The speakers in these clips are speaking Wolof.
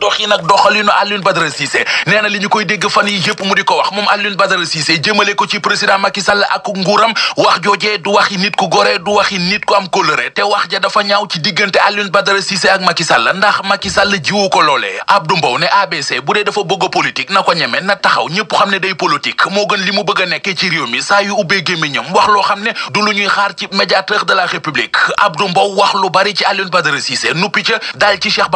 doxin ak doxalinu Alioune Badara Cissé nee li ñu koy dégg fan yi yëpp mu di ko wax moom Alioune Badara Cissé jëmale ko ci président Macky Sall ak nguuram wax joojee du waxi nit ku gore du waxi nit ku am coloré te wax ja dafa ñaw ci diggante Alioune Badara Cissé ak Macky Sall ndax Macky Sall jiwu ko loolee Abdou Mbow ne ABC bu dee dafa bëgg politique na ko ñeme na taxaw ñëpp xam ne day politique moo gën li mu bëgg a nekkee ci réew mi saa yu ubbee gémmiñam wax loo xam ne du lu ñuy xaar ci médiateur de la République Abdou Mbow wax lu bari ci Alioune Badara Cissé nuppi ca daal ci Cheikh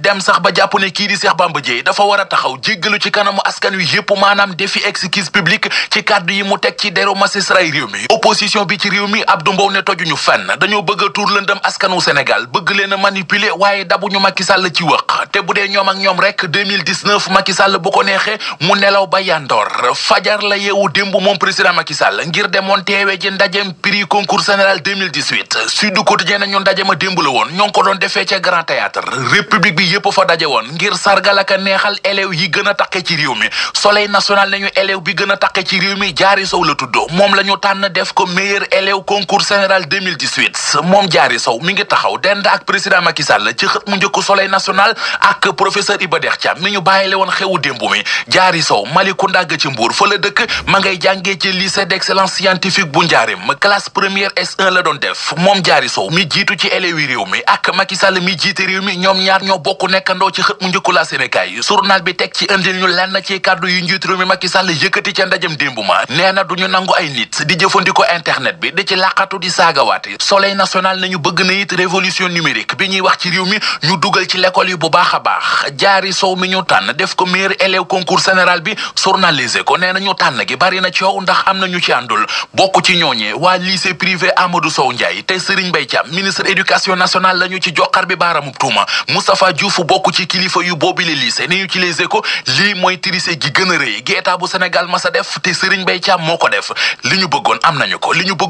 dem sax ba jàpp ne kii di Cheikh Bamba Dièye dafa war a taxaw jéggalu ci kanamu askan wi yëpp maanaam défi exécutif public ci kaddu yi mu teg ci deru magistrat yi réew mi opposition bi ci réew mi Abdou Mbow ne tojuñu fenn dañoo bëgg a tuur lëndëm askanu Sénégal bëgg leen a manipuler waaye dabuñu Macky la ci wëq te bu dee ñoom ak ñoom rek 2019 Macky Sall bu ko neexee mu nelaw ba yandoor fajar la yeewu démb moom président Macky Sall ngir demoon teewe ji ndajem prix concours général 2018 Sud Quotidien nañu ndaje ma démb la woon ñoo ngi ko doon defee ca Grand Théâtre république bi yëpp fa daje woon ngir sargal ak neexal élèves yi gën a takkee ci réew mi soleil national nañu élève bi gën a taqe ci réew mi jaari sow la tuddo moom la tànn def ko meilleur élève concours général 2018 moom jaari sow mi ngi taxaw dend ak président Macky Sall ci xët mu njëkk national ak professeur Iba Der Thiam mi ñu bàyyile woon xewu démb mi jaari sow Malicounda ga ci mbuur fa la dëkk ma ngay jàngee ci lycée d'excellence scientifique bu Njaarim classe première S1 la doon def moom jaari sow mi jiitu ci élèves yi réew mi ak Macky Sall mi jiite réew mi ñoom ñaar ñoo bokk nekkandoo ci xët mu njëkku la Sénégal yi journal bi teg ci indil ñu lenn ci kàddu yu njiit réew mi Macky Sall yëkkati ca ndajam démb ma nee na duñu nangu ay nit di jëfandikoo internet bi di ci làqatu di saagawaate soleil national nañu bëgg na it révolution numérique bi ñuy wax ci réew mi ñu dugal ci l'école yi bu baax baax a baax jaari sow mi ñu tànn def ko meilleur élève concours général bi journalisé ko nee na ñu tànn gi bari na coow ndax am na ñu ci àndul bokk ci ñooñee waa lycée privé Amadou Sow Ndiaye te Serigne Mbaye Thiam ministre éducation nationale la ci joxar bi baaraamub tuuma Moustapha Diouf bokk ci kilifa yu boobi le lycée ni ñu ci les échos lii mooy a rëy gi état bu Sénégal ma sa def te Serigne Mbaye Thiam moo ko def li ñu bëggoon am nañu ko li ñu bu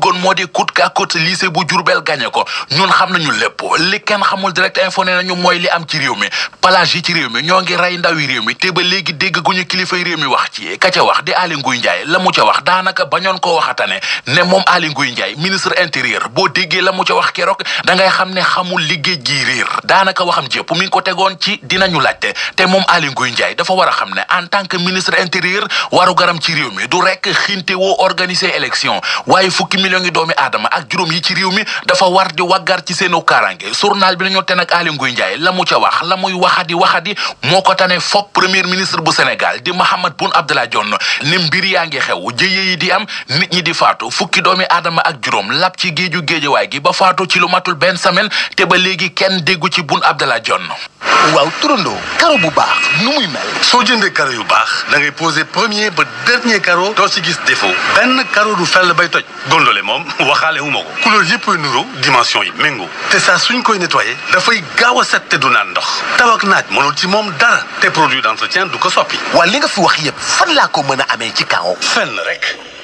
Diourbel gagné ko ñun xam nañu lépp li kenn xamul palaas yi ci réew mi ñoo ngi rey ndawi réew mi te ba léegi dégg guñu kilifay réew mi wax ci ka ca wax di Aly Ngouille njaay la mu ca wax daanaka bañoon koo waxatane ne moom Aly Ngouille Ndiaye ministre intérieur boo déggee la mu ca wax keroog da ngay xam ne xamul liggéey gi réer daanaka waxam jëpp mi ngi ko tegoon ci dina ñu laajte te moom Aly Ngouille Ndiaye dafa war a xam ne en tant que ministre intérieur waru garam ci réew mi du rekk xinte wo organiser élection waaye fukki millions yi doomi aadama ak juróom yi ci réew mi dafa war di waggar ci seenu kaaraange journal bi nañu te nag Aly Ngouille Ndiaye la mu wax waxadi waxadi moo ko tane foog premier ministre bu Sénégal di Mahammed Boun Abdallah Dionne ni mbir yaa ngi xew jëye yi di am nit ñi di faatu fukki doomi aadama ak juróom lap ci géeju géejawaay gi ba faatu ci lu matul benn semaine te ba léegi kenn déggu ci Boun Abdallah Dionne waaw turandoo karo bu baax nu muy mel soo jëndee karo yu baax da ngay posé premier ba dernier karo doo si gis défaut benn karo du fell bay toj gondole moom waxaale wu ma ko couleur yëpp ay nuro dimension yi méngoo te saa suñ koy nettoyé dafay gaaw a set te du naan ndox tawak naaj mënul ci moom dara te produit d'entretien du ko soppi waa li nga fi wax yëpp fan laa ko mën a amee ci fen fenn rek